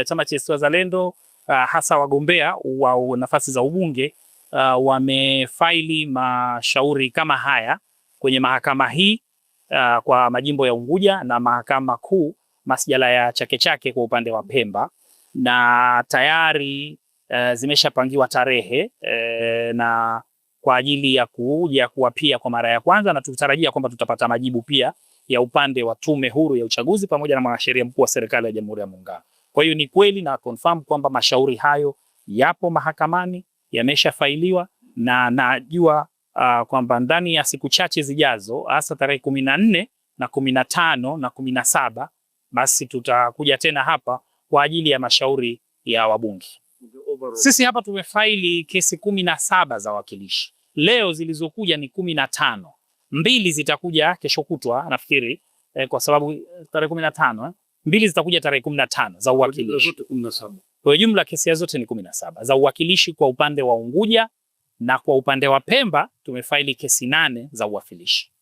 Eh, chama cha ACT Wazalendo uh, eh, hasa wagombea wa nafasi za ubunge uh, wamefaili mashauri kama haya kwenye mahakama hii uh, kwa majimbo ya Unguja na mahakama kuu masjala ya Chake Chake kwa upande wa Pemba na tayari uh, zimeshapangiwa tarehe uh, na kwa ajili ya kuja pia kwa mara ya kwanza, na tutarajia kwamba tutapata majibu pia ya upande wa Tume Huru ya Uchaguzi pamoja na Mwanasheria Mkuu wa Serikali ya Jamhuri ya Muungano. Kwa hiyo ni kweli na confirm kwamba mashauri hayo yapo mahakamani, yameshafailiwa na najua uh, kwamba ndani ya siku chache zijazo, hasa tarehe kumi na nne na kumi na tano na kumi na saba basi tutakuja tena hapa kwa ajili ya mashauri ya wabunge. Sisi hapa tumefaili kesi kumi na saba za wakilishi leo, zilizokuja ni kumi na tano mbili zitakuja kesho kutwa nafikiri eh, kwa sababu eh, tarehe kumi na tano eh mbili zitakuja tarehe kumi na tano za uwakilishi. Kwa jumla kesi zote ni kumi na saba za uwakilishi kwa upande wa Unguja na kwa upande wa Pemba tumefaili kesi nane za uwakilishi.